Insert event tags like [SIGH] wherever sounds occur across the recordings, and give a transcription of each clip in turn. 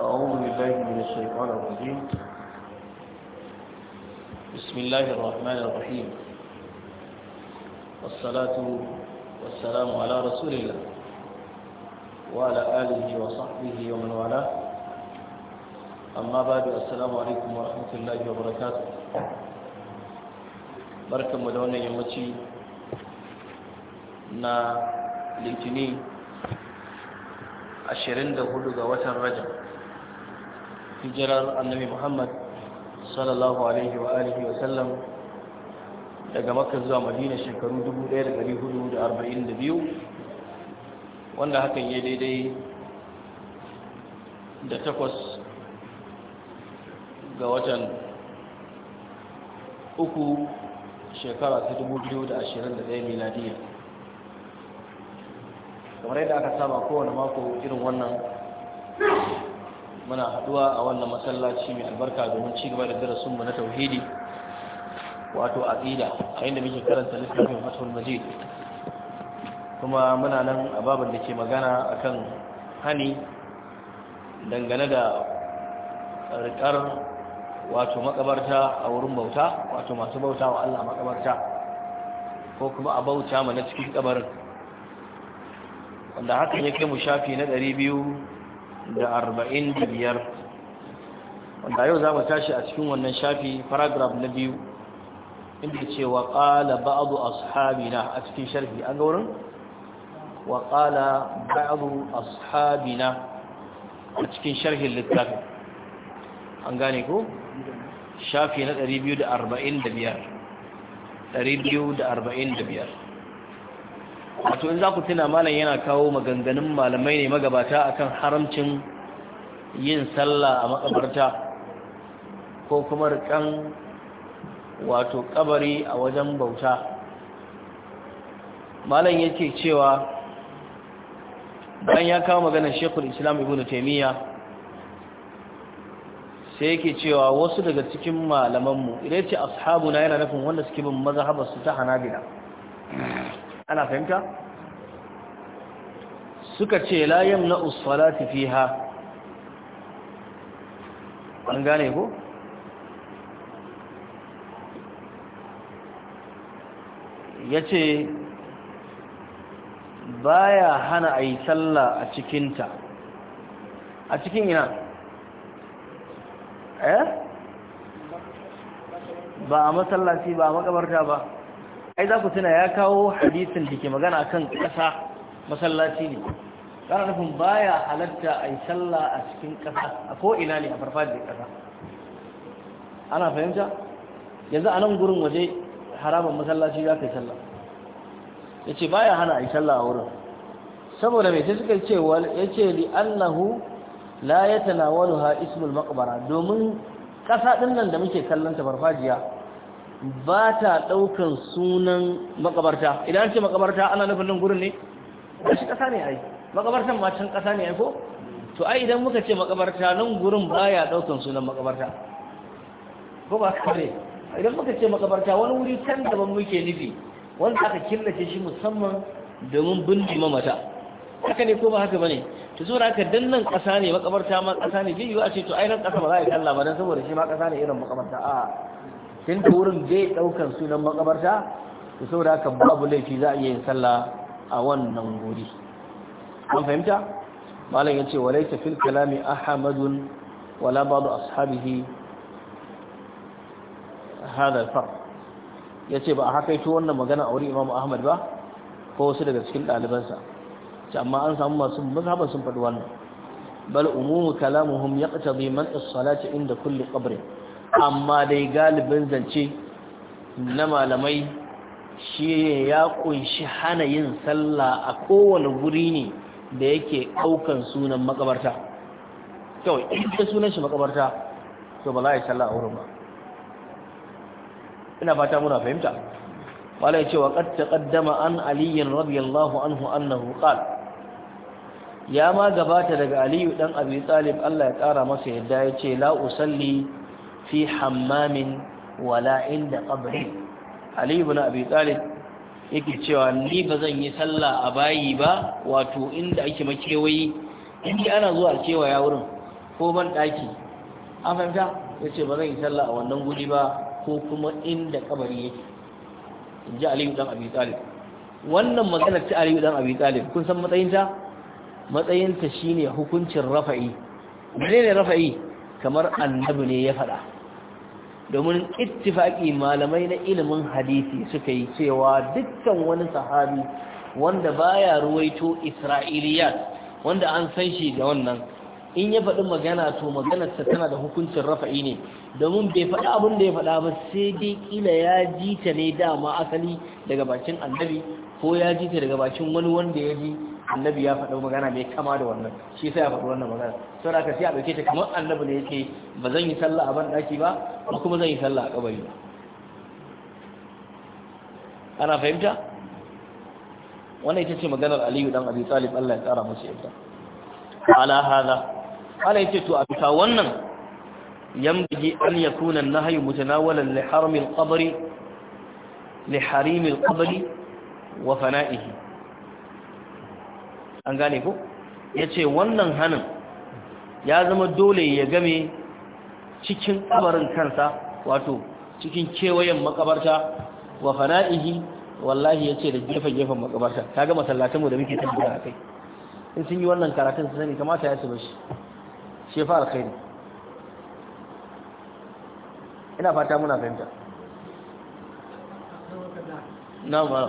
أعوذ بالله من الشيطان الرجيم بسم الله الرحمن الرحيم والصلاة والسلام على رسول الله وعلى آله وصحبه ومن والاه أما بعد السلام عليكم ورحمة الله وبركاته بركة مدونة يمتي نا litinin 24 ga watan rajab hijirar annabi muhammad sallallahu alaihi wa alihi wa sallam daga maka zuwa madina shekaru 1442 wanda hakan ya daidai da takwas ga watan uku shekara ta 2021 miladiya kamar yadda aka saba kowane mako irin wannan muna haduwa a wannan masallaci mai albarka domin ci gaba da darasin mu na tauhidi wato aqida a inda muke karanta littafin Fathul Majid kuma muna nan a babin da ke magana akan hani dangane da rikar wato makabarta a wurin bauta wato masu bauta wa Allah makabarta ko kuma a bauta mana cikin kabarin wanda hakan yake mu shafi na biyu. da arba'in da biyar wanda yau za mu tashi a cikin wannan shafi paragraf na biyu inda ce wa ƙala ba'adu ashabina a cikin sharfi an ga wurin wa ƙala ba'adu ashabina a cikin sharhin littafin an gane ko shafi na 245 245 wato in za ku tuna malam yana kawo maganganun malamai ne magabata akan haramcin yin sallah a makabarta ko kuma rikan wato kabari a wajen bauta malam yake cewa bayan ya kawo maganar shekul islam ibn taimiyya sai yake cewa wasu daga cikin malamanmu idan ce na yana nufin wanda suke bin su ta hanabila ana fahimta suka ce la yamna usfalati fiha an gane ko yace baya hana yi sallah a cikinta a cikin ina eh ba a masallaci ba a makabarta ba ai za ku tuna ya kawo hadisin da ke magana akan ƙasa masallaci ne kana nufin baya halatta a yi sallah a cikin ƙasa a ko'ina ne a farfajin ƙasa ana fahimta yanzu a nan gurin waje haramun masallaci za ka yi sallah ya ce baya hana a yi sallah a wurin saboda mai sai suka ce ya ce li annahu la ya tanawalu ha ismul maqbara domin ƙasa ɗin nan da muke kallon ta farfajiya ba ta ɗaukan sunan makabarta idan ce makabarta ana nufin nan gurin ne ba shi ƙasa ne a yi makabartan ma can ƙasa ne ko to ai idan muka ce makabarta nan gurin baya daukan sunan makabarta ko ba kare idan muka ce makabarta wani wuri can da ban muke nufi wanda aka killace shi musamman domin bindi mamata haka ne ko ba haka bane to saboda aka dannan kasa ne makabarta ma kasa ne bai yiwu a ce to ai nan kasa ba za a yi Allah ba dan saboda shi ma kasa ne irin makabarta a tun da wurin bai daukan sunan makabarta to saboda haka babu laifi za a yi sallah a wannan wuri an fahimta malam yace walaysa fil kalami ahmadun wala ba'd ashabihi hada al yace ba a hakaito wannan magana a wurin Imam Ahmad ba ko wasu daga cikin ɗalibansa amma an samu masu mazhaban sun faɗi wannan bal umumu kalamuhum yaqtadi man as-salati inda kulli qabr amma dai galibin zance na malamai shi ya kunshi hana yin sallah a kowane guri ne da yake ɗaukan sunan makabarta kawai ita sunan shi makabarta to ba za a yi sallah a wurin ba ina fata muna fahimta wala ya ce wa ta taqaddama an aliyin radiyallahu anhu annahu qal. ya ma gabata daga aliyu dan abi talib Allah ya kara masa yadda ya ce la usalli fi hammamin wala inda qabri aliyu ibn abi talib yake cewa ni ba zan yi sallah a bayi ba wato inda ake makewayi inda ana zuwa ya wurin ko ban daki an fahimta ya ba zan yi sallah a wannan guri ba ko kuma inda kabari yake in ji aliyu dan abi talib wannan maganar ta aliyu dan abi talib kun san matsayinta matsayinta shine hukuncin rafa'i menene rafa'i kamar annabi ne ya faɗa domin ittifaki malamai na ilimin hadisi suka yi cewa dukkan wani sahabi wanda baya ruwaito isra'iliyat wanda an san shi da wannan in ya faɗi magana to maganarsa tana da hukuncin rafa'i ne domin bai faɗi abin da ya faɗa ba sai dai kila ya ji ta ne dama asali daga bakin annabi ko ya jita ta daga bakin wani wanda ya ji annabi ya faɗo magana mai kama da wannan shi sai ya faɗi wannan magana sau da sai a ɗauke ta kamar annabi ne yake ba zan yi sallah a banɗaki ba ba kuma zan yi sallah a ƙabari ba ana fahimta wannan ita ce maganar aliyu dan abi talib allah ya tsara musu yadda ala hada ala yace to a bisa wannan yambiji an yakuna an-nahy mutanawalan li haram al-qabr li harim al-qabr wa fana'ihi an gane ko ya ce wannan hannun ya zama dole ya game cikin kabarin kansa wato cikin kewayen makabarta wa fana'ihi wallahi ya ce da gefen-gefen makabarta ta gama masallatinmu da muke tabbata a kai in sun yi wannan karatun su sani kamata ya su bashi shefa alkhairi ina fata muna fahimta na ba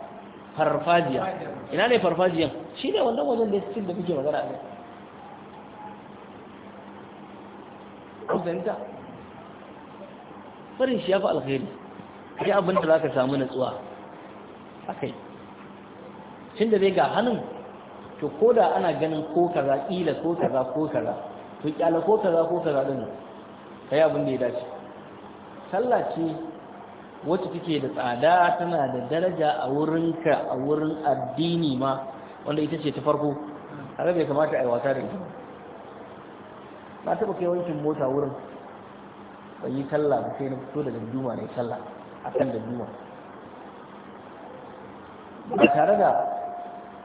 farfajiya ina ne farfajiyan shi ne wanda wajen da ya cikin da kuke magana a kai farin shi ya fi alkhairi kai abin da za ka samu natsuwa a kai shi da zai ga hannun to ko da ana ganin ko kaza ƙila ko kaza ko kaza to kyala ko kaza ko kaza ka yi abin da ya dace sallah ce wacce take da tsada tana da daraja a wurinka a wurin addini ma wanda ita ce ta farko haka bai kamata a yi wata da ita na taɓa kai wankin mota wurin ban yi talla ba sai na fito da danduma na yi talla. a kan danduma ba tare da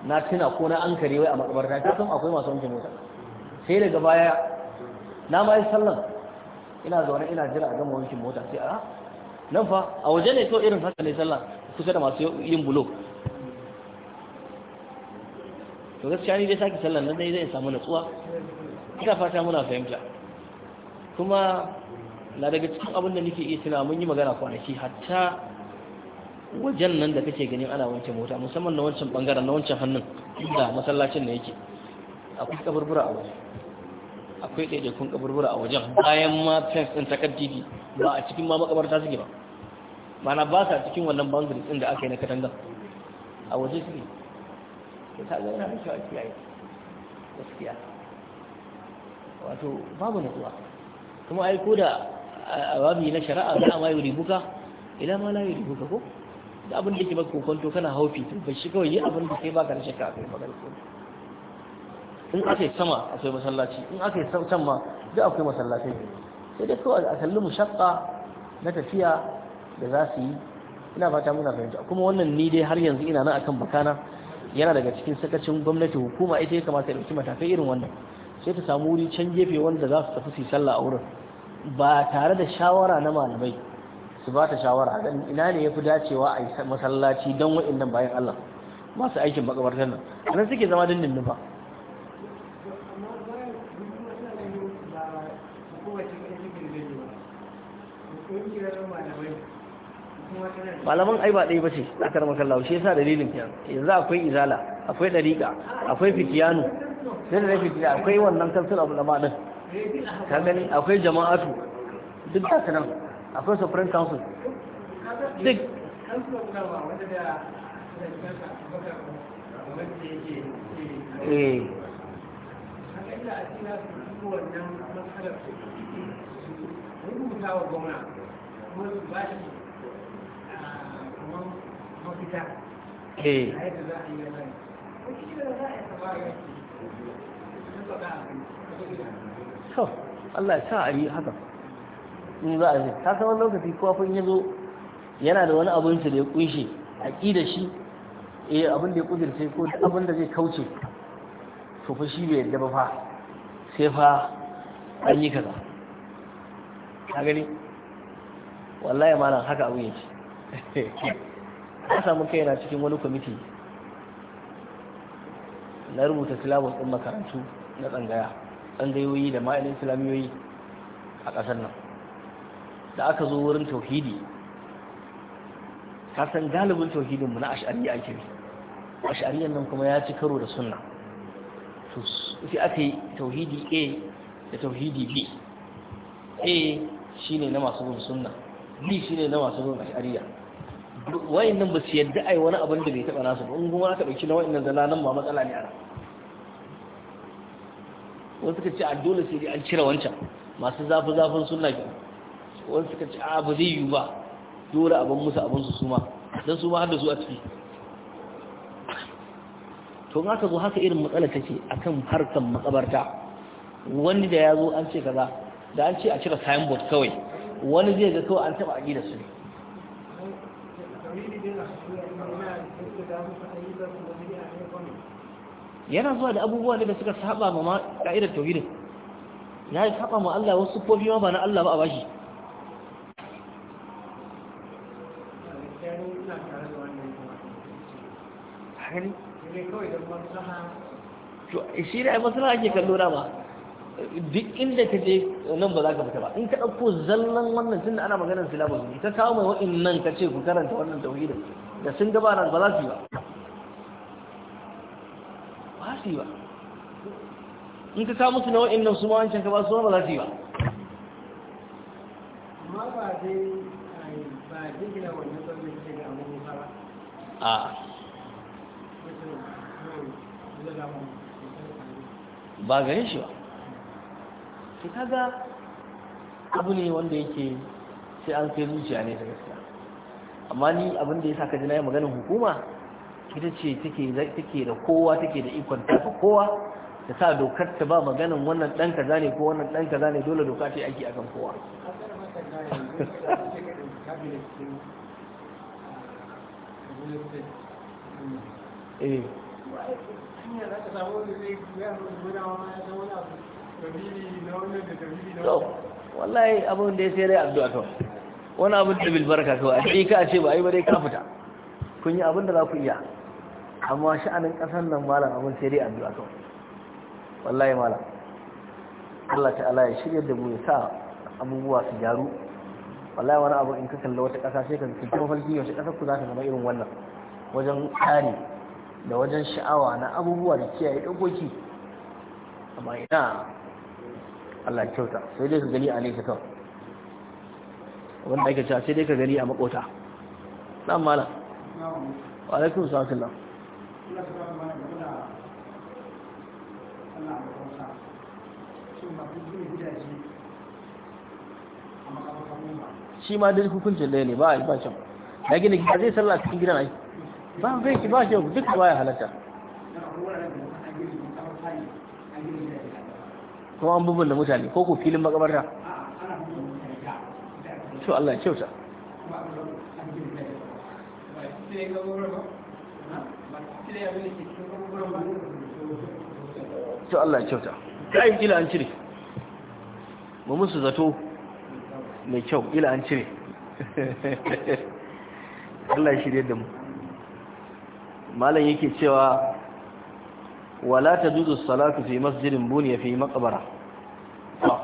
na tuna ko na ankare wai a makabarta ta san akwai masu wankin mota sai daga baya na ma yi sallan ina zaune ina jira a gama wankin mota sai a ah, nan fa a waje ne to irin haka ne sallah kusa da masu yin bulo to gaskiya ni dai saki sallah nan dai zai samu natsuwa ina fata muna fahimta kuma na daga cikin abin da nake iya tuna mun yi magana kwanaki hatta wajen nan da kake ganin ana wanke mota musamman na wancan bangaren na wancan hannun inda masallacin ne yake akwai kaburbura a waje akwai ɗaiɗaikun kaburbura a wajen bayan ma fence ɗin ta kaddidi ba a cikin ma makabarta suke ba mana ba sa cikin wannan boundary ɗin da aka yi na katanga a waje suke ke ta ga na da kyau a kiyaye gaskiya wato babu natsuwa kuma ai ko da a babi na shari'a za a mayu yi ribuka ila ma la yi ribuka ko da abin da ke baka kokonto kana haufi tun bai shi kawai yi abin da ke baka na shakka a kai magana in aka yi sama akwai masallaci in aka yi can ma duk akwai masallatai sai dai kawai a kalli mushakka na tafiya da za su yi ina fata muna fahimta kuma wannan ni dai har yanzu ina nan akan bakana yana daga cikin sakacin gwamnati hukuma ita ya kamata ta ɗauki matakai irin wannan sai ta samu wuri can gefe wanda za su tafi su yi sallah a wurin ba tare da shawara na malamai su ba ta shawara ganin ina ne ya fi dacewa a yi masallaci don nan bayan Allah masu aikin makabartar nan A nan suke zama dindin ba malaman ai ba ɗaya ba ce a karɓar kallawa shi yasa dalilin yanzu akwai izala akwai ɗariƙa akwai fitiyanu sai da rafi fitiya akwai wannan kansul abu lama ɗin ka gani akwai jama'atu duk da ka akwai supreme council duk eh rubuta wa gwamna kuma su ba shi Eh. Allah ya sa a yi haka ni za a zai, ta san wani lokaci kowa fa ya zo yana da wani abin da ya kunshe a ƙi da shi iya eh, abin da ya kudirce ko abin da zai kauce to fa shi bai yadda ba fa sai fa an yi kaza ka gani wallahi ma nan haka abin yake [LAUGHS] A samu kai na cikin wani kwamiti na rubuta silabus ɗin makarantu na tsangaya tsangayoyi da ma'anin silamiyoyi a ƙasar nan da aka zo wurin tauhidi kasan galibin tauhidinmu na ash'ari ake bi ash'ariyan nan kuma ya ci karo da sunna to sai aka yi tauhidi a da tauhidi b a shine na masu bin sunna b shine na masu bin ash'ariya wayannan ba su yadda ai wani abin da bai taba nasu ba in kuma aka dauki na wayannan zana nan ma matsala ne ana wasu suka ce a dole sai dai an cire wancan masu zafi zafin sunna ke wasu suka ce a ba zai yiwu ba dole abin musu abin su suma dan su ma har da su a ciki to in aka zo haka irin matsala take akan harkan makabarta wani da ya zo an ce kaza da an ce a cire signboard kawai wani zai ga kawai an taba aqida su ne yana zuwa da abubuwan da suka saba ma ka'idar tauhidin ya yi saba ma Allah wasu kofi ma ba na Allah ba a bashi shi da masana ake kallo na ba duk inda ka je nan ba za ka fita ba in ka ɗauko zallan wannan tun da ana maganar silabus ne ta kawo mai wa'in nan ka ce ku karanta wannan tauhidin da sun gabana ba za su yi ba su yi ba in ka samu su na wa'in su mawancin ka ba su ba za su yi ba a ba gare shi ba sai kaga abu ne wanda yake sai an kai zuciya ne da gaskiya amma ni abinda ya sa ka jina yi maganin hukuma ita ce take da kowa take da ikon tafi kowa ta sa dokar ta ba maganin wannan ɗan kaza ne ko wannan ɗan kaza ne dole doka ce aiki akan kowa [LAUGHS] eh. wallahi abin da ya sai rai addu'a to wani abin da bilbarka kawai a ce ka ce ba a yi ba dai ka fita kun yi abin da za ku iya amma sha'anin ƙasar nan malam abin sai dai addu'a kawai wallahi malam Allah ta'ala ya shirya da mu ya sa abubuwa su gyaru wallahi wani abu in ka kalla wata ƙasa sai ka cikin mafarki wata ƙasar ku za ta zama irin wannan wajen tsari da wajen sha'awa na abubuwa da kiyaye dokoki amma ina Allah ya kyauta sai dai ka gani a nesa kawai wanda ake cewa sai dai ka gani a makota nan malam wa alaikum salam shi ma duk hukuncin ɗaya ne ba a yi ba shan gina gida zai sallah cikin gidan ai ba bai ki ba shan duk ba ya halatta kuma an bubun da mutane ko ko filin makabarta to Allah ya kyauta to Allah ya kyauta kai ila an cire ba musu zato mai kyau ila an cire [LAUGHS] Allah ya shirye da mu malam yake cewa wala ta duzu salatu fi masjidin buniya fi Ba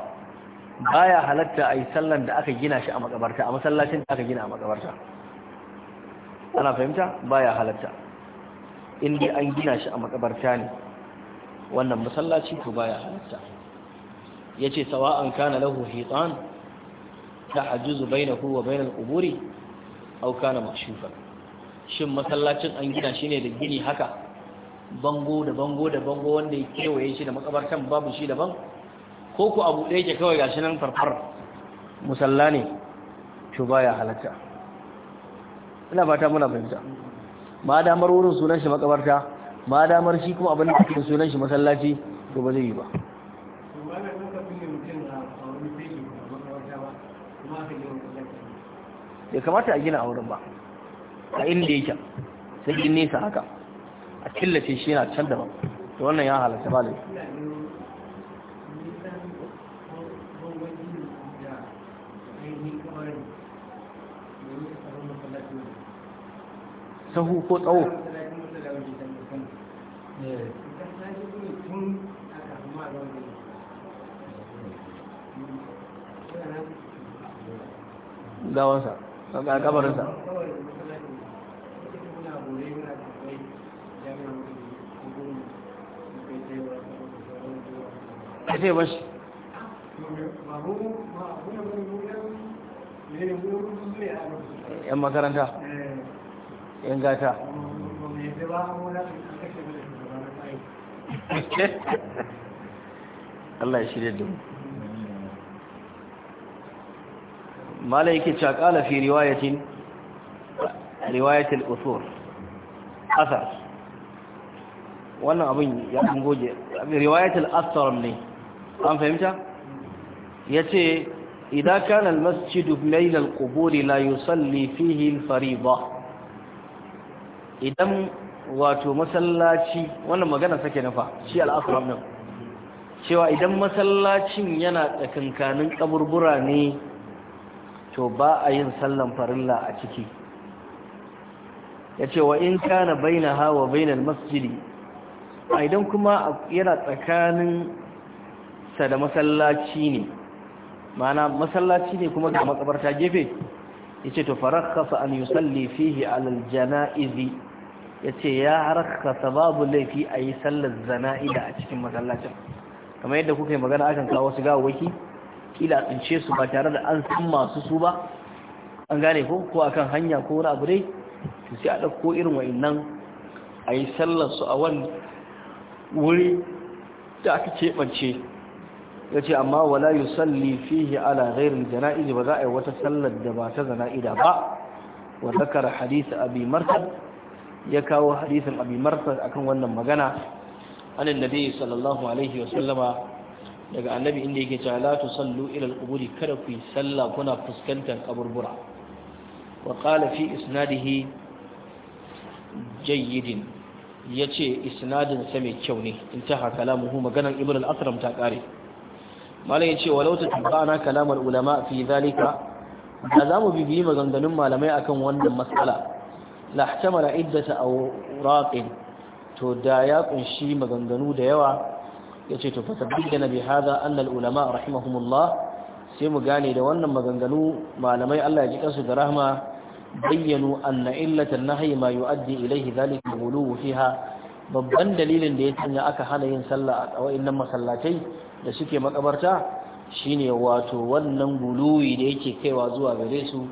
baya halatta ai sallan da aka gina shi a makabarta a masallacin da aka gina a makabarta ana fahimta baya halatta in dai an gina shi a makabarta ne wannan masallaci to baya halatta yace sawa'an kana lahu hitan ta'ajjuzu bainahu wa bainal quburi aw kana mashufa shin masallacin an gina shi ne da gini haka bango da bango da bango wanda ya kewaye shi da makabartan babu shi daban ko ku abu ɗaya ke kawai gashi nan farfar musalla ne to baya halatta ina fata muna fahimta ma damar wurin sunan shi makabarta ma damar shi kuma abin da ake sunan shi masallaci to ba zai yi ba ya kamata a gina a wurin ba a inda yake sai gini nesa haka a killace shi yana can da to wannan ya halatta ba laifi sahu ko tsawo gawansa ga kabarinsa a ce ba yan makaranta yan gata Allah ya shirya da mu mala yake cewa kala fi riwayatin riwayatul usul asar wannan abin ya kan goge riwayatul asar ne an fahimta yace idan kana al-masjidu bayna al-quburi la yusalli fihi al-fariḍah idan wato masallaci wannan magana sake nufa shi al'asulam nan cewa idan masallacin yana tsakankanin kaburbura ne to ba a yin sallan farilla a ciki ya ce wa in kana baina hawa bainal masjidi a idan kuma yana tsakanin sa da masallaci ne mana masallaci ne kuma ga makabarta gefe yace to farakasa an yusalli fihi alal janaizi yace ya rakkasa babu laifi a yi sallar zana'ida a cikin masallacin kamar yadda kuka yi magana akan kawo su ga waki kila tsince su ba tare da an san masu su ba an gane ko ko akan hanya ko wani abu dai to sai a dauko irin wayannan ayi sallar su a wani wuri da aka ce bance yace amma wala yusalli fihi ala ghairi janaiz ba za a yi wata sallar da ba ta janaida ba wa zakara hadith abi ya kawo hadisin abi akan wannan magana anan nabi sallallahu alaihi wa sallama daga annabi inda yake cewa la sallu ila al-quburi kada ku yi sallah kuna fuskantar kaburbura wa qala fi isnadihi jayyidin yace isnadin sa mai kyau ne intaha kalamuhu maganar ibn al-asram ta kare malam ya ce walau ta tabbana kalamar ulama fi zalika da za mu bibiyi maganganun malamai akan wannan matsala la ihtamala iddata awraqin to da ya kunshi maganganu da yawa yace to fa tabbidana bi hada anna al ulama rahimahumullah sai mu gane da wannan maganganu malamai Allah ya ji kansu da rahma bayyanu anna illata na nahy ma yuaddi ilayhi dhalika al-ghuluw fiha babban dalilin da ya sanya aka hana yin sallah a wayannan masallatai da suke makabarta shine wato wannan guluwi da yake kaiwa zuwa gare su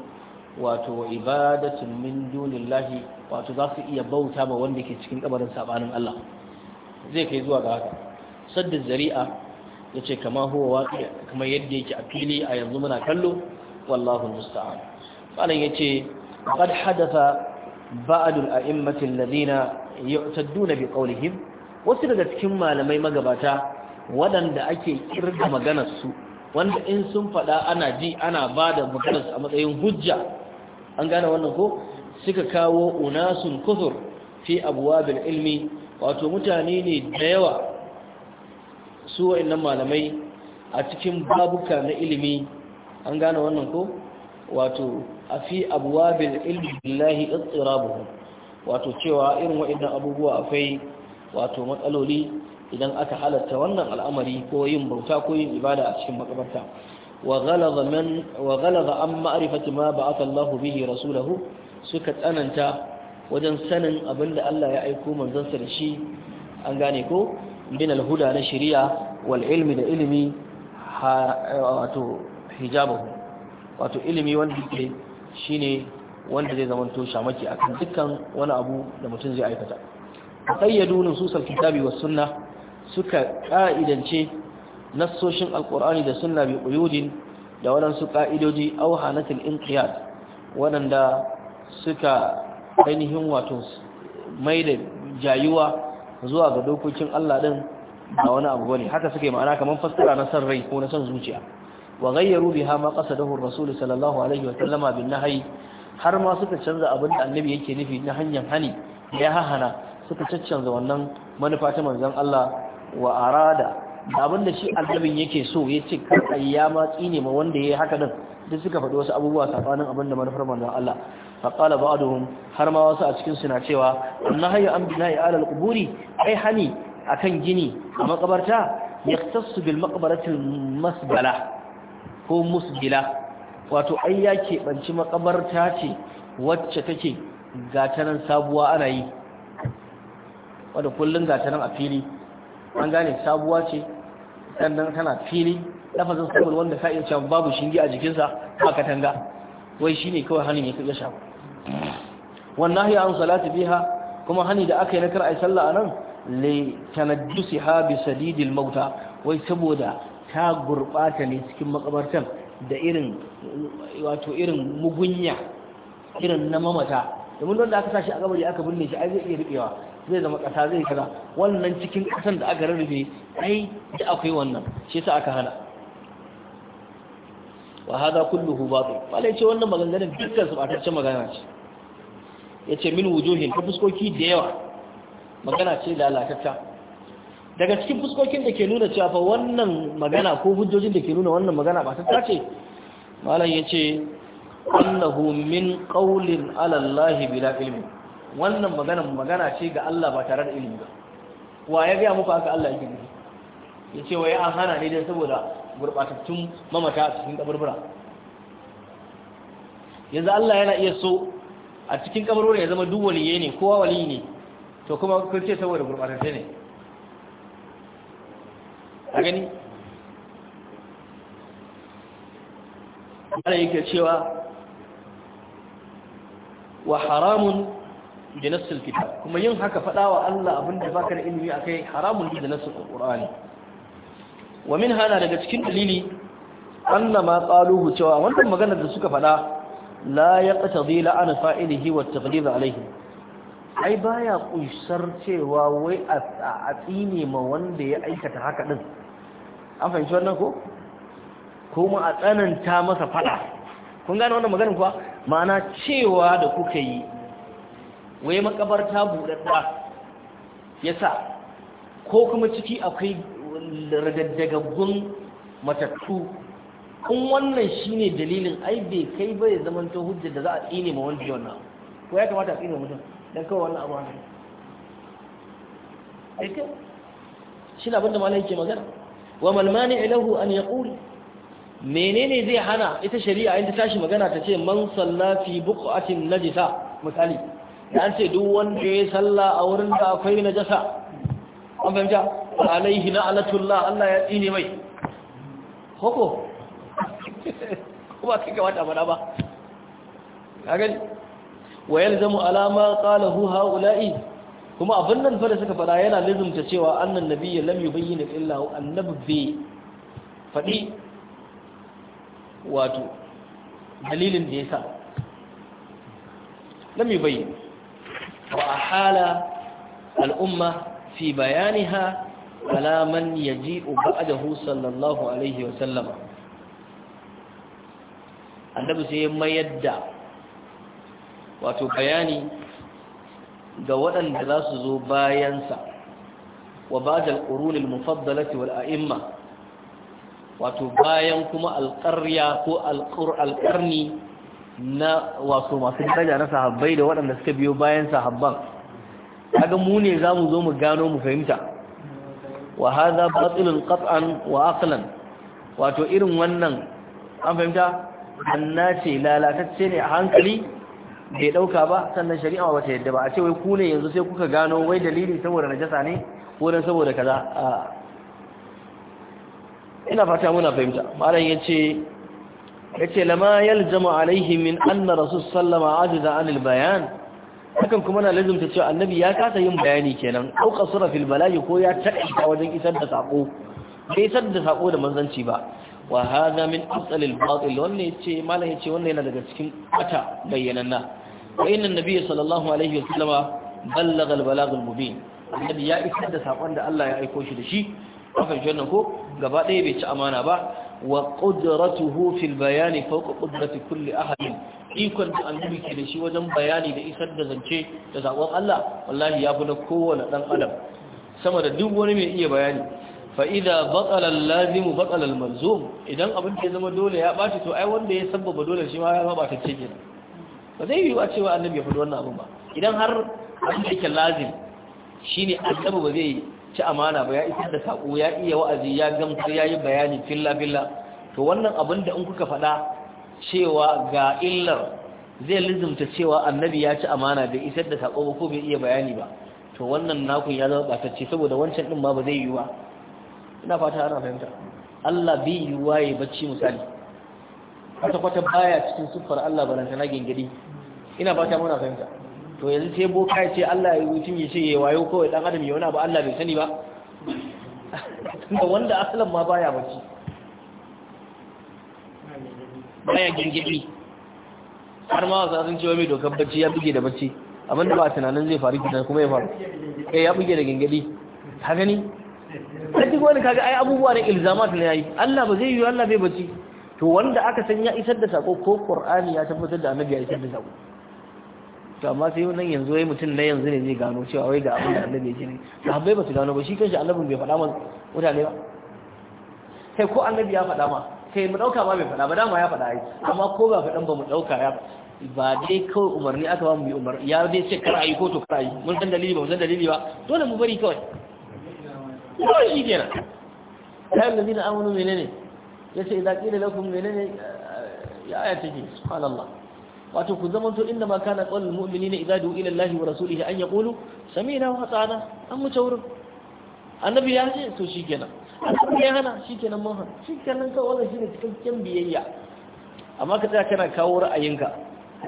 wato wa ibadatun min dunillahi wato za su iya bauta ma wanda ke cikin kabarin sabanin Allah zai kai zuwa ga haka saddin zari'a yace kama huwa waqi yadda yake a fili a yanzu muna kallo wallahu musta'an malam yace qad hadatha ba'd al-a'immati alladhina yu'tadduna bi qawlihim wasu daga cikin malamai magabata waɗanda ake kirga maganarsu wanda in sun faɗa ana ji ana ba da maganarsu a matsayin hujja an gane wannan ko suka kawo unasun kufur fi bil ilmi wato mutane ne da yawa su wa'annan malamai a cikin babuka na ilimi an gane wannan ko wato a fi bil ilmi billahi tsirabuhum wato cewa irin wa'annan abubuwa akwai wato matsaloli idan aka halatta wannan al'amari ko yin bauta ko yin ibada a cikin makabarta wa an ma'rifati ma ba'atha Allahu bihi rasulahu suka tsananta wajen sanin abinda Allah ya aiko manzansa da shi an gane ko min huda na shari'a wal ilmi da ilimi wato hijabahu wato ilimi wanda yake shine wanda zai zama to shamaki akan dukkan wani abu da mutum zai aikata qayyadu nusus al-kitabi was sunnah suka ƙa'idance nassoshin alƙur'ani da sunna bi ƙuyudin da waɗansu ƙa'idoji au hanatul inqiyad waɗanda suka ainihin wato mai da jayuwa zuwa ga dokokin Allah din a wani abu bane haka suke ma'ana kamar fassara na san rai ko na san zuciya wa ghayyaru biha ma qasadahu ar-rasul sallallahu alaihi wa sallama bin nahyi har ma suka canza abin da annabi yake nufi na hanyar hani ya hahana suka caccanza wannan manufa ta manzon Allah wa arada da abin da shi annabin yake so ya ce kai ya matsi ne ma wanda yayi haka din duk suka faɗi wasu abubuwa tsakanin abin da manufar manzon Allah fa qala ba'dhum har ma wasu a cikin su na cewa annahyu an bina'i ala al ai hani akan gini a makabarta yaktasu bil maqbaratil masbala ko musbila wato ai ya keɓanci makabarta ce wacce take gatanan sabuwa ana yi wadda kullum gatanan a fili an gane sabuwa ce sannan tana fili lafazin sabul wanda ka iya cewa babu shinge a jikinsa ba katanga wai shine kawai hannun ya kaga shafa wannan hiya an salati biha kuma hani da aka yi na kar ai sallah anan li tanajjusiha bi sadidil mauta wai saboda ta gurbata ne cikin makabartan da irin wato irin mugunya irin na mamata domin da aka sashi a kabari aka binne shi ai zai iya riƙewa zai zama ƙasa zai kaza wannan cikin ƙasan da aka rarrabe ai da akwai wannan shi yasa aka hana wa hada kulluhu batil wala ce wannan maganganun dukkan su batacce magana ce yace min wujuhin ta fuskoki da yawa magana ce lalatacca daga cikin fuskokin da ke nuna cewa fa wannan magana ko hujjojin da ke nuna wannan magana ba ta ce malam yace annahu min qawlin ala allahi bila ilmi wannan magana magana ce ga Allah ba tare da ilimi ba wa ya gaya muku aka Allah yake nufi ya ce wai an hana ne dan saboda gurɓatattun mamata a cikin kaburbura yanzu Allah yana iya so a cikin kaburbura ya zama duk waliye ne kowa wali ne to kuma kun ce saboda gurbatattu ne a gani Allah yake cewa wa haramun da nassul kitab kuma yin haka faɗawa Allah abinda baka da ilimi akai haramun da nassul qurani wa min hana daga cikin dalili anna ma qaluhu cewa wannan magana da suka faɗa la yaqtadi an fa'ilihi wa taghlid alayhi ai baya kunsar cewa wai a tsine ma wanda ya aikata haka din an fahimci wannan ko kuma a tsananta masa faɗa kun gane wannan maganar kuwa ma'ana cewa da kuka yi waye makabarta buɗaɗɗa ya sa ko kuma ciki akwai ragaddagaggun matattu in wannan shine dalilin ai bai kai ba ya zama hujja da za a tsine ma wanda wannan ko ya kamata a tsine mutum dan kawai wannan abu haka aikin shi na abinda malai ke magana wa malmani ilahu an ya ƙuri menene zai hana ita shari'a in tashi magana ta ce man sallafi buƙatin najisa misali an ce duk wanda ya salla a wurin da akwai na jasa. an fahimta alaihi na alatullah Allah ya tsine mai hoko kuma kai ga wata bada ba gani. wa yalzamu alama qalahu haula'i kuma abin nan fara da suka fada yana lazumta cewa annan nabiyyi lam yubayyin illa hu annabi bi fadi wato dalilin da yasa lam yubayyin وأحال الأمة في بيانها على من يجيء بعده صلى الله عليه وسلم annabi sai ya mayar da wato bayani ga waɗanda za su zo bayansa wa ba'dal qurunil mufaddalati wal a'imma wato bayan kuma alƙarya ko alƙur'ani na wasu masu daraja na sahabbai da waɗanda suka biyo bayan sahabban kaga mu ne za mu zo mu gano mu fahimta wa hadha batilun qat'an wa aqlan wato irin wannan an fahimta annace lalatacce ne a hankali bai dauka ba sannan shari'a ba ta yadda ba a ce wai ku ne yanzu sai kuka gano wai dalili saboda najasa ne ko dan saboda kaza ina fata muna fahimta malam yace yace lama yaljamu alaihi min anna rasul sallama ajiza anil bayan hakan kuma na lazumta cewa annabi ya kasa yin bayani kenan au qasara fil balaghi ko ya taƙaita wajen isar da sako bai isar da sako da manzanci ba wa hadha min asal al batil wannan yace malam yace wannan yana daga cikin ata bayyananna wa inna annabi sallallahu alaihi wasallama ballagha al balagh al mubin annabi ya isar da sakon da Allah ya aika shi da shi haka shi wannan ko gaba ɗaya bai ci amana ba وقدرته في البيان فوق قدرة كل أحد ikon da annabi ke da shi wajen bayani da isar da zance da zaɓon Allah wallahi ya fi na kowane ɗan adam sama da duk wani mai iya bayani fa'ida batsalar lazimu batsalar manzo idan abin da ya zama dole ya ɓaci to ai wanda ya sabbaba dole shi ma ya ma ɓata ce gina ba zai yi ba cewa annabi ya fi wannan abin ba idan har abin da yake lazim shi ne annabi ba zai ci amana ba ya isar da saƙo ya iya wa'azi ya gamsu ya yi bayani filla filla to wannan abin da in kuka faɗa cewa ga illar zai lizumta cewa annabi ya ci amana bai isar da saƙo ba ko bai iya bayani ba to wannan nakun ya zama batacce saboda wancan ɗin ma ba zai yiwu ba ina fata ana fahimta Allah bi yiwuwa ya bacci misali kwata-kwata baya cikin siffar Allah balantana gingiri ina fata muna fahimta to yanzu sai boka ya ce Allah ya mutum ya ce ya wayo kawai dan adam ya wani abu Allah bai sani ba wanda asalin ma baya bacci baya gingiri har ma wasu asin cewa mai dokar bacci ya buge da bacci da ba tunanin zai faru kitan kuma ya faru kai eh, ya buge da gingiri ka gani sai wani kaga ai abubuwa ne ilzamat ne yayi Allah ba zai yi Allah bai bacci to wanda aka san ya isar da sako ko Qur'ani ya tabbatar da annabi ya isar da sako to amma sai wannan yanzu wai mutum na yanzu ne zai gano cewa wai ga abin da annabi yake ne sahabbai ba su gano ba shi kanshi annabin bai faɗa ma mutane ba sai ko annabi ya faɗa ma sai mu ɗauka ma bai faɗa ba dama ya faɗa ai amma ko ba faɗan ba mu ɗauka ya ba dai kawai umarni aka ba mu bi umarni ya dai sai kar ayi ko to kar ayi mun san dalili ba mun san dalili ba dole mu bari kawai ko shi kenan ya yi lalzina amunu menene ya ce idan kila lakum menene ya ayati take subhanallah wato ku zama to inda ma kana qawlul mu'minina idza du'u ila Allah wa rasulihi an yaqulu sami'na wa ata'na an mu tawur annabi ya ce to shikenan annabi ya hana shikenan mun hana shikenan ka wannan shine cikakken biyayya amma ka tsaya kana kawo ra'ayinka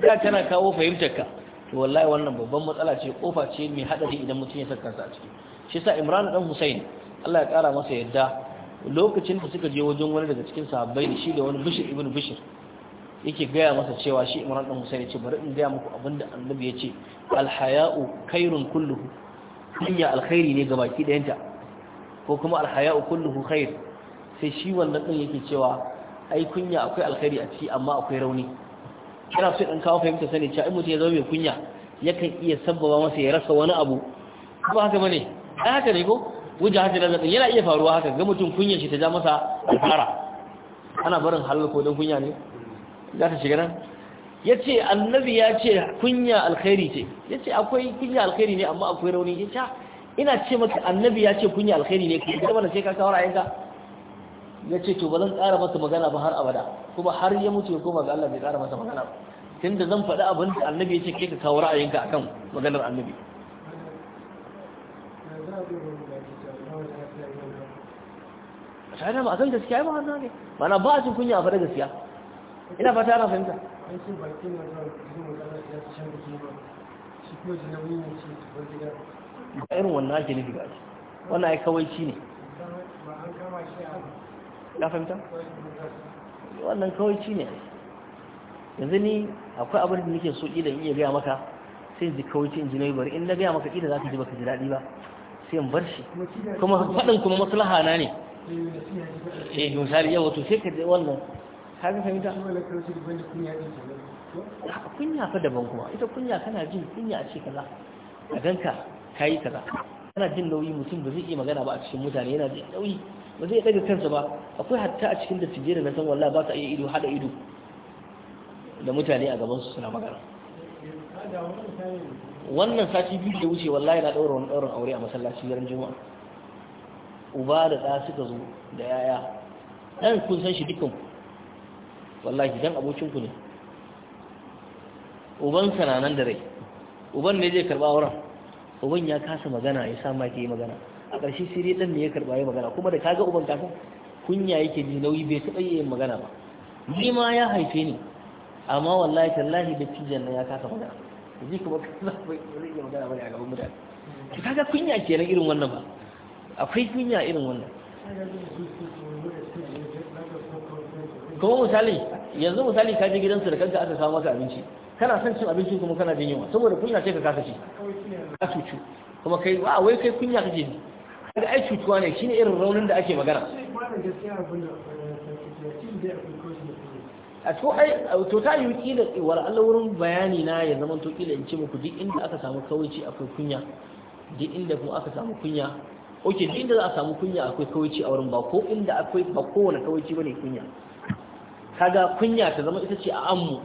ka kana kawo fahimtarka to wallahi wannan babban matsala ce kofa ce mai hadari idan mutum ya saka kansa a ciki shi yasa Imran dan Hussein Allah ya kara masa yadda lokacin da suka je wajen wani daga cikin sahabbai da shi da wani Bishir ibn Bishir yake gaya masa cewa shi imran ɗan husayn ce bari in gaya muku abinda annabi ya ce alhaya'u khairun kulluhu hanya alkhairi ne ga baki ɗayanta ko kuma alhaya'u kulluhu khair sai shi wannan ɗin yake cewa ai kunya akwai alkhairi a ciki amma akwai rauni kana so ɗan kawo fahimta sani cewa in mutum ya zama mai kunya yakan iya sabbaba masa ya rasa wani abu Kuma haka bane ai haka ne ko wuce haka da zaɓin yana iya faruwa haka ga mutum kunya shi ta ja masa alfara ana barin halal ko don kunya ne za ta shiga nan ya ce annabi ya ce kunya alkhairi ce ya ce akwai kunya alkhairi ne amma akwai rauni ya ce ah, ina ce maka annabi ya ce kunya alkhairi ne kai kuma ce ka wara yanka ya ce to ba zan ƙara masa magana ba har abada kuma har ya mutu ya koma ga Allah bai kara masa magana ba tun da zan faɗi abin da annabi ya ce kai ka kawo ra'ayinka akan maganar annabi sai da san gaskiya ba ne mana ba a cin kunya a faɗa gaskiya ina fata ana fahimta a irin wannan ake nufi gashi wannan kawai kawaici ne ya fahimta wannan kawaici ne yanzu ni akwai abin da nake so idan iya gaya maka sai ji kawai in ji na bari in na gaya maka ƙila za ka ji baka ji daɗi ba sai in bar shi kuma faɗin kuma maslaha na eh, ne eh misali yawa to sai ka je wannan ka fahimta kunya fa daban kuma ita kunya kana jin kunya a ce kaza a ganka yi kaza kana jin nauyi mutum ba zai iya magana ba a cikin mutane yana jin nauyi ba zai daga kansa ba akwai hatta a cikin dattijai da na san wallahi ba ta iya ido hada ido da mutane a gaban su suna magana wannan sati biyu da wuce wallahi na daura wani daurin aure a masallaci ran juma'a uba da ɗa suka zo da yaya ɗan kun san shi dukanku wallahi dan abokin ku ne uban sa na nan da rai uban ne zai karba auren uban ya kasa magana ya sa ma ke yi magana a ƙarshe sai dai dan ne ya karba ya magana kuma da kaga uban kafin kunya yake ji nauyi bai taɓa yin magana ba ni ma ya haife ni amma wallahi tallahi da cijan nan ya kasa magana ji kuma kaza bai zai yi magana ba a gaban mutane Ki kaga kunya kenan irin wannan ba akwai kunya irin wannan kuma misali yanzu misali ka je gidansu da kanka aka samu maka abinci kana son cin abincin kuma kana jin yunwa saboda kunya ce ka kasa ci ka cucu kuma kai wa wai kai kunya kake ji kaga ai cutuwa ne shine irin raunin da ake magana a to ai to ta yi kila war Allah wurin bayani na ya zama to kila in ce muku duk inda aka samu kawaici akwai kunya duk inda kuma aka samu kunya oke duk inda za a samu kunya akwai kawaici a wurin ba ko inda akwai ba kowane kawaici bane kunya kaga kunya ta zama ita ce a ammu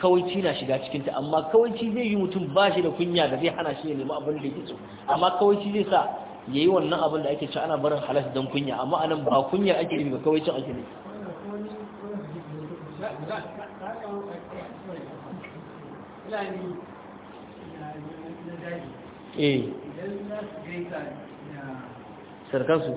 kawaici na shiga cikinta amma kawaici zai yi mutum ba shi da kunya da zai hana shi ya nemi abin da yake so amma kawaici zai sa ya yi wannan abin da ake ci ana barin halas don kunya amma anan ba kunya ake yi ga kawaici ake ne eh sarkansu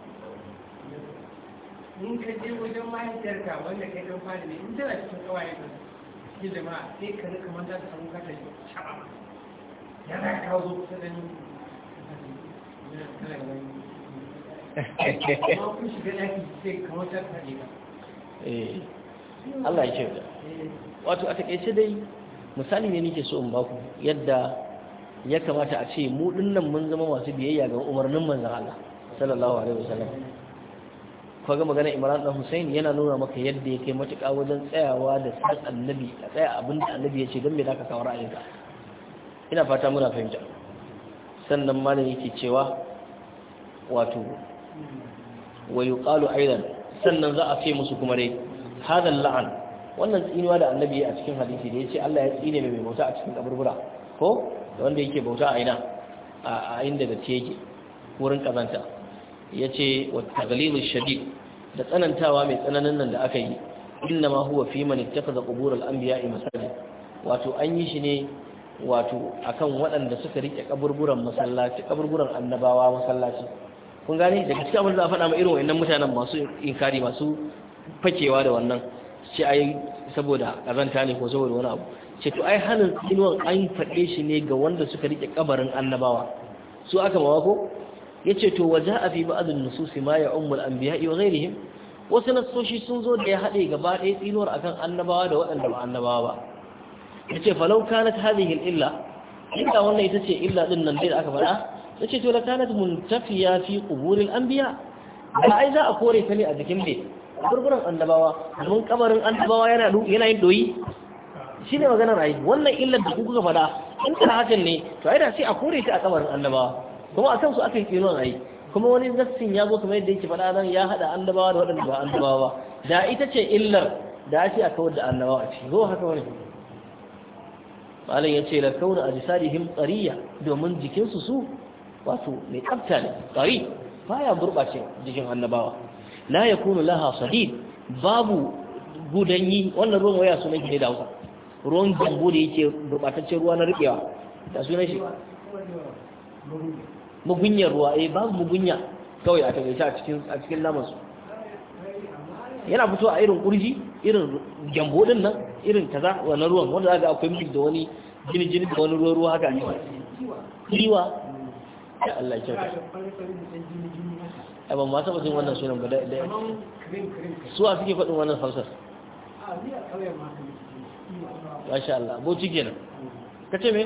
in ka je wajen mahaifiyarka wanda kai kan fara ne in tana cikin kawaye ka ki jama'a sai ka rika manta da samu kata ne shaba ya za ka zo kusa da ni amma kun shiga daki sai ka manta da ne ba eh Allah ya shaida eh. wato a takeice dai misali ne nake so in baku yadda ya kamata a ce mu dinnan mun zama masu biyayya ga umarnin manzon Allah sallallahu alaihi wasallam kaga magana imran dan husain yana nuna maka yadda yake matuƙa wajen tsayawa da san annabi a tsaya abin da annabi ya ce don me zaka kawo ra'ayinka ina fata muna fahimta sannan malam yake cewa wato wa yuqalu aidan sannan za a ce musu kuma dai hadan la'an wannan tsinuwa da annabi a cikin hadisi da yace Allah ya tsine mai bauta a cikin kaburbura ko da wanda yake bauta a ina a inda da yake wurin kazanta ya ce wa tagalilin shadid da tsanantawa mai tsananin nan da aka yi inna ma huwa fi man da ƙubur al'ambiya a masajid wato an yi shi ne wato akan waɗanda suka rike kaburburan masallaci ƙaburburan annabawa masallaci kun gane daga cikin abin da faɗa ma irin wayannan mutanen masu inkari masu fakewa da wannan ce ai saboda ƙazanta ne ko saboda wani abu ce to ai hannun inuwan an faɗe shi ne ga wanda suka rike ƙabarin annabawa su aka mawa ko yace to waja'a fi ba'd an-nusus ma ya'ummu al-anbiya'i wa ghayrihim wasu nasoshi sun zo da ya haɗe gaba ɗaya tsinuwar kan annabawa da waɗanda ba annabawa ba Ya ce falau kanat hadhihi al-illa inda wannan ita ce illa din nan da aka faɗa yace to la kanat muntafiya fi ƙuburin an biya. ba ai za a kore ta ne a jikin ne gurguran annabawa domin kamarin annabawa yana yana yin doyi shi ne maganar ai wannan illar da kuka faɗa in ta hakan ne to ai da sai a kore ta a kabarin annabawa kuma a su aka yi a yi. kuma wani nassin ya zo kamar yadda yake faɗa nan ya haɗa annabawa da waɗanda ba annabawa ba da ita ce illar da ake a kawar da annabawa a ciki zo haka wani malam ya ce la kauna ajsadihim tsariya domin jikinsu su wato mai tsafta ne tsari baya gurɓace jikin annabawa la yakunu laha sahid babu gudanyi wannan ruwan waya sunan ne da Hausa ruwan gambo da yake gurɓataccen ruwa na riɓewa da sunan shi mugunyar ruwa eh babu mugunya kawai a takaice a cikin a cikin lamarsu yana fito a irin kurji irin gyambo din nan irin kaza wannan ruwan wanda zaka akwai mil da wani jini jini da wani ruwa ruwa haka ne kiwa ya Allah ya kyauta ai ban ma taba jin wannan sunan ba da su a suke faɗin wannan farsar masha Allah boci kenan kace me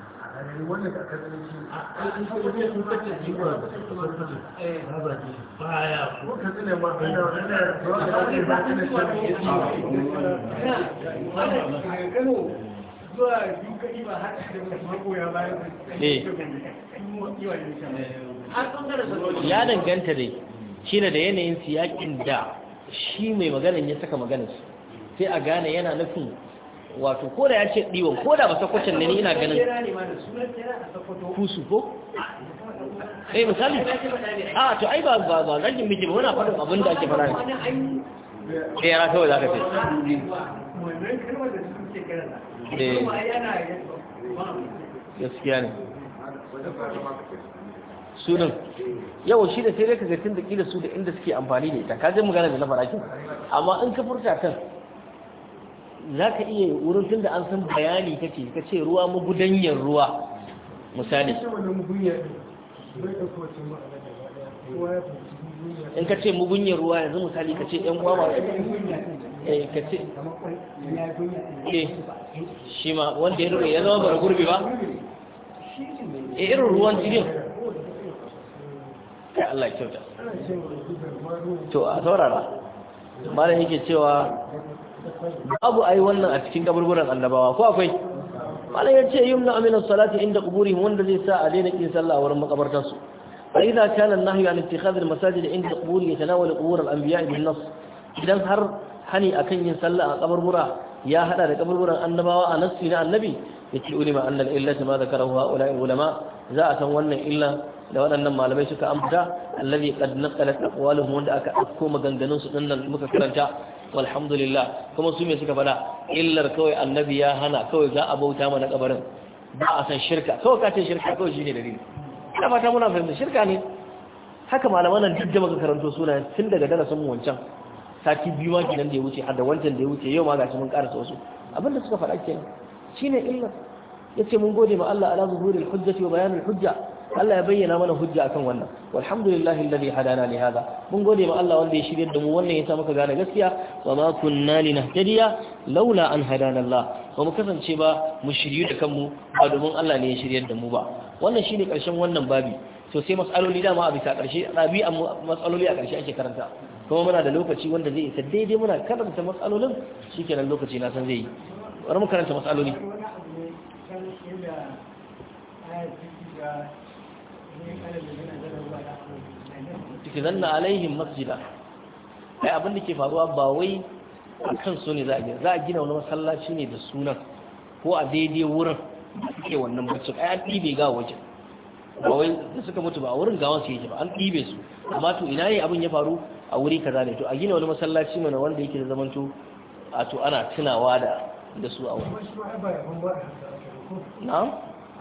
ya danganta dai shi da yanayin siyakin da shi mai maganin ya saka maganin, sai a gane yana nufin wato ko da ya ce ɗiwon ko da ba sakwacin ne ni ina ganin kusu ko? eh misali a to ai ba ba ba zagin miji ba wana faɗin abin da ake fara ne eh yara kawai za ka fi eh, gaskiya ne sunan yawon shi da sai dai ka tun da kila su da inda suke amfani da ita kajin magana da na fara amma in ka furta kan za ka iya wurin tun da an san bayani kake ka ce ruwa magudanyar ruwa misali in ka ce mugunyar ruwa yanzu misali ka ce yan uwa ba eh, ka ce eh shi ma wanda ya rure ya zama bara gurbi ba a eh, irin ruwan jirin kai Allah kyauta to a saurara malam yake cewa babu ai wannan a cikin kaburburan annabawa ko akwai malam ya ce yumna amina salati inda kuburi wanda zai sa a daina kin sallah a wurin makabartar su fa idza kana an-nahyu an ittikhadh al-masajid inda qubur yatanawal qubur al-anbiya bin nas idan har hani akan yin sallah a kaburbura ya hada da kaburburan annabawa a nassi na annabi yace ulima annal illata ma zakarahu haula'i ulama za a san wannan illa da waɗannan malamai suka amsa allazi qad naqalat aqwaluhum wanda aka akko maganganun su dinnan muka karanta walhamdulillah kuma su me suka fada illar kawai annabi ya hana kawai za a bauta mana kabarin ba a san shirka kawai ka ce shirka kawai shine dalili ina fata muna fahimta shirka ne haka malaman nan duk da muka karanto suna tun daga darasin mu wancan sati biyu ma nan da ya wuce har da wancan da ya wuce yau ma gashi mun karasa wasu abinda suka faɗa kenan shine illar yace mun gode ma Allah ala zuhuril hujjati wa bayanil hujja Allah ya bayyana mana hujja akan wannan walhamdulillahi alladhi hadana li hada mun gode ma Allah wanda ya shirye da mu wannan ya sa muka gane gaskiya wa ma kunna linahtadiya laula an hadana Allah ba mu kasance ba mu shiryu da kanmu ba domin Allah ne ya shirye da mu ba wannan shine karshen wannan babi to sai matsaloli dama a bisa karshe rabi'an matsaloli a karshe ake karanta kuma muna da lokaci wanda zai isa daidai muna karanta matsalolin shikenan lokaci na san zai yi bari mu karanta matsaloli tikizanna alaihim masjida ai abin da ke faruwa ba wai a kan su ne za a gina za a gina wani masallaci ne da sunan ko a daidai wurin suke wannan bacci ai an ɗibe ga wajen ba wai da suka mutu ba a wurin gawan su yake ba an ɗibe su amma to ina ne abin ya faru a wuri kaza ne to a gina wani masallaci mana wanda yake da to a to ana tunawa da da su a wurin na'am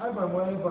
ai ba ba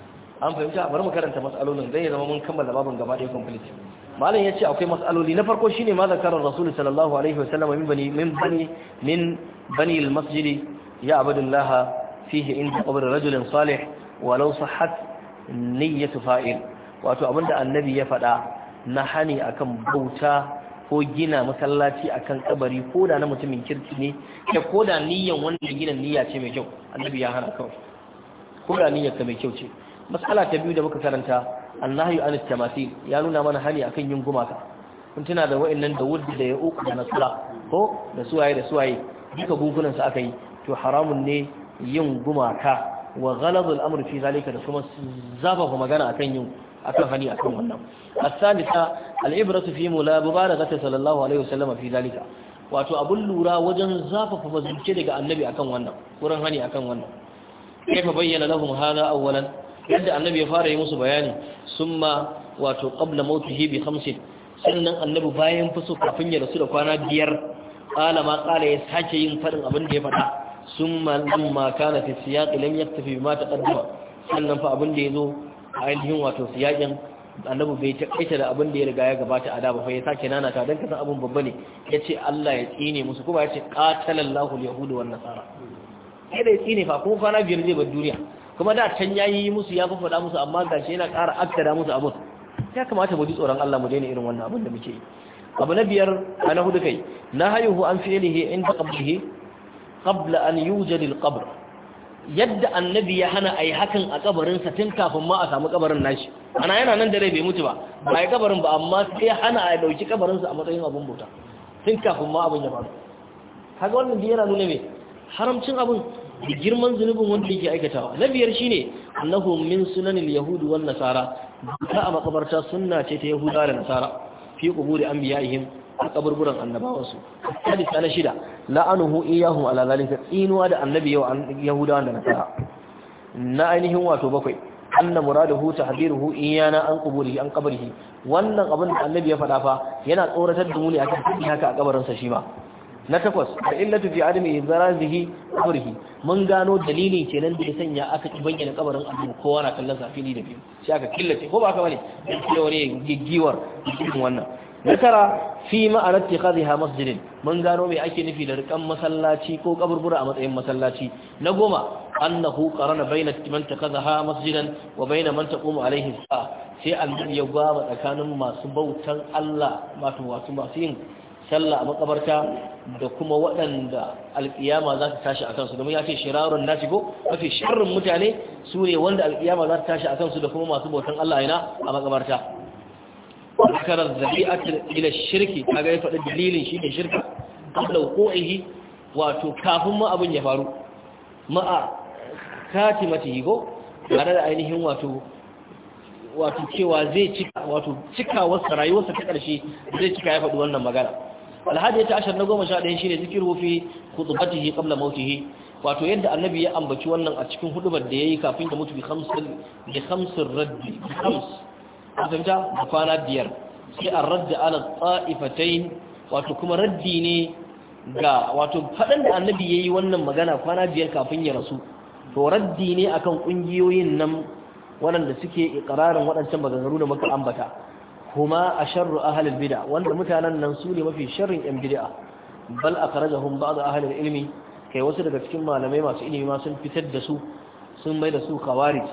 an fahimci a bari mu karanta mas'alolin zai zama mun kammala babin gaba ɗaya complete malam yace akwai mas'aloli na farko shine ma zakarar rasul sallallahu alaihi wasallam min bani min bani min bani al-masjid ya abdullah fihi inda qabr rajul salih walau sahhat niyyatu fa'il wato abinda annabi ya faɗa na hani akan bauta ko gina masallaci akan kabari ko da na mutumin kirki ne Ke ko da niyyan wanda gina niyya ce mai kyau annabi ya hana kawai ko da niyyar ka mai kyau ce mas'ala ta biyu da muka karanta annahyu an tamathil ya nuna mana hali akan yin gumaka kun tuna da wa'annan da wuddi da ya uku da nasra ko da suwaye da suwaye duka gungunan su aka yi to haramun ne yin gumaka wa ghalabul amr fi zalika da kuma zaba ku magana akan yin akan hani akan wannan as-salisa al-ibratu fi mulabaraghati sallallahu alaihi wasallam fi zalika wato abun lura wajen zafafa mazunce daga annabi akan wannan wurin hani akan wannan Kai kaifa bayyana lahum hada awwalan yadda annabi ya fara yi musu bayani ma wato qabla mautihi bi khamsin sannan annabi bayan faso kafin ya rasu da kwana biyar qala ma ya sake yin faɗin abin da ya faɗa summa lamma kana fi siyaqi lam yaktafi bima taqaddama sannan fa abin da yazo ainihin wato siyaƙin annabi bai takaita da abin da ya riga ya gabata a da fa ya sake nana ta dan kasan abin babba ne ya ce Allah ya tsine musu kuma yace ƙatalallahu alyahudu wan nasara sai da ya tsine fa kuma kwana biyar zai bar duniya kuma da can yayi musu ya faɗa musu amma gashi yana ƙara akkada musu abun ya kamata mu ji tsoron Allah mu daina irin wannan abun da muke yi abu na biyar a na hudu kai na hayuhu an fi'lihi inda qabrihi qabla an yujad al-qabr yadda annabi ya hana ayi hakan a kabarin sa tun kafin ma a samu kabarin nashi ana yana nan da rai bai mutu ba ba kabarin ba amma sai ya hana a dauki kabarin sa a matsayin abun bauta tun kafin ma abun ya faru kaga wannan biyar yana nuna me haramcin abun da girman zunubin wanda yake aikatawa na biyar shine annahu min sunanil yahud wan nasara ta a makabarta sunna ce ta yahuda da nasara fi quburi anbiya'ihim a kaburburan annabawansu hadisi na shida la'anuhu iyahum ala zalika tsinuwa da annabi yau yahuda da nasara na ainihin wato bakwai anna muradahu tahdiruhu iyana an quburihi an qabrihi wannan abin da annabi ya faɗa fa yana tsoratar da mu ne akan haka a kabarin sa shi ma na takwas da illatu fi adami zarazihi qabrihi mun gano dalili kenan da ya sanya aka ki bayyana kabarin annabi kowa na kallon safili da biyu sai aka killace ko ba haka bane sai wani gigiwar cikin wannan na tara fi ma'anar tikhadhiha masjidin mun gano me ake nufi da rikan masallaci ko kaburbura a matsayin masallaci na goma annahu qarana baina man takhadhaha masjidan wa baina man taqumu alaihi sai annabi ya gwaba tsakanin masu bautan Allah wato wato masu yin sallah a makabarta da kuma waɗanda alƙiyama za ta tashi a kansu domin ya ce shirarun nasi ko mafi sharrin mutane su ne wanda alƙiyama za ta tashi a kansu da kuma masu bautan Allah yana a makabarta zakarar zabi'atul ila shirki ta ya faɗi dalilin shi ne shirka ko ihi wato kafin ma abin ya faru ma'a mata higo. tare da ainihin wato wato cewa zai cika wato cika wasu rayuwarsa ta ƙarshe zai cika ya faɗi wannan magana ta ashirin na goma sha ɗaya shine zikiru fi khutbatihi qabla mautihi wato yadda annabi ya ambaci wannan a cikin hudubar da ya yi kafin ya mutu bi hamsin bi khamsir raddi bi khams fahimta da kwana biyar sai an radda ala ta'ifatain wato kuma raddi ne ga wato fadan da annabi yayi wannan magana kwana biyar kafin ya rasu to raddi ne akan ƙungiyoyin nan waɗanda suke iƙirarin waɗancan maganganu da muka ambata huma sharru ahalin bid'a wanda mutanen nan su ne mafi sharrin yan bidaa bal akhrajahum ba'd ahalin ilimi kai wasu daga cikin malamai masu ilimi ma sun fitar da su sun mai da su khawarij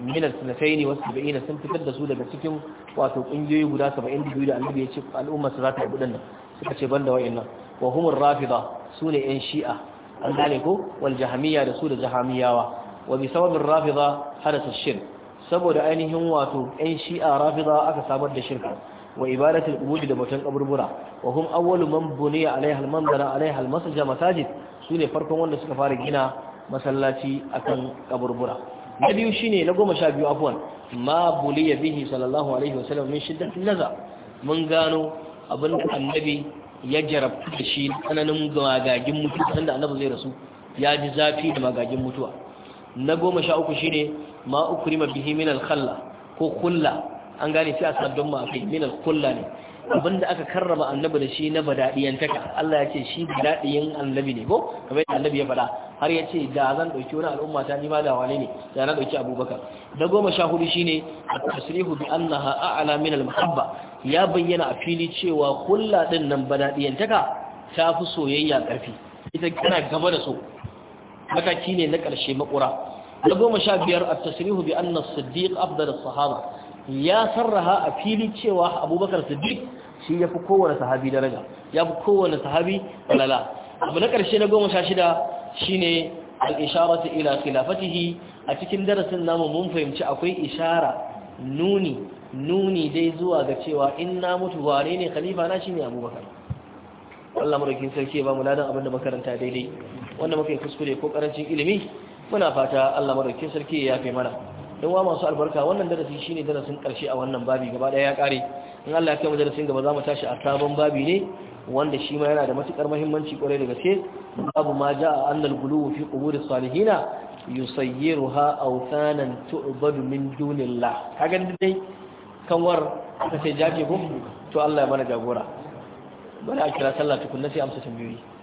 min al-sanatayn wa 70 sun fitar da su daga cikin wato kungiyoyi guda 72 da annabi ya ce al'umma su za ta yi nan suka ce banda wayannan wa humur rafida su ne yan shi'a an ko da su da jahamiyawa wa bi sababin hadasa shirk saboda ainihin wato ɗan shi'a rafida aka samar da shirka wa ibadatul ubudi da batun kaburbura wa hum awwalu man buniya alaiha al alaiha al-masjid masajid sune farkon wanda suka fara gina masallaci akan kaburbura na biyu shine na goma sha biyu afwan ma buliya bihi sallallahu alaihi wasallam min shiddatil laza mun gano abin annabi ya jarabta da shi tsananin magagin mutuwa sanda annabi zai rasu ya ji zafi da magagin mutuwa na goma sha uku shine ma ukrima bihi min al-khalla ko kulla an gane sai a saddon ma akai min kulla ne abinda aka karrama annabi da shi na badadiyantaka Allah ya ce shi badadiyin annabi ne ko kamar yadda annabi ya faɗa har ya ce da zan ɗauki wani al'umma ta nima da wane ne da na ɗauki Abubakar na goma sha hudu shine at bi annaha a'la min muhabba, mahabba ya bayyana a fili cewa kulla din nan badadiyantaka ta fi soyayya karfi ita kana gaba da so mataki ne na ƙarshe makura na goma sha biyar a tasirihu bi anna siddiq abdar sahaba ya sarraha a fili cewa abubakar siddiq shi ya fi kowane sahabi daraja ya fi kowane sahabi falala abu na ƙarshe na goma sha shida shine al-isharatu ila khilafatihi a cikin darasin namu mun fahimci akwai ishara nuni nuni dai zuwa ga cewa in na mutu wanene ne khalifa na shine abubakar Allah madaukin sarki ya ba mu ladan abin da makaranta daidai wanda muka yi kuskure ko karancin ilimi muna fata Allah madaukin sarki ya yafe mana dan wa masu albarka wannan darasi shine darasin karshe a wannan babi gaba daya ya kare in Allah ya kai mu darasin gaba za mu tashi a sabon babi ne wanda shi ma yana da matukar muhimmanci kwarai da gaske babu ma ja'a annal guluwu fi quburi salihina yusayyiruha awthanan tu'badu min dunillah kaga dai kanwar ta ce jaje ko to Allah ya mana jagora bari a kira sallah tukunna sai amsa tambayoyi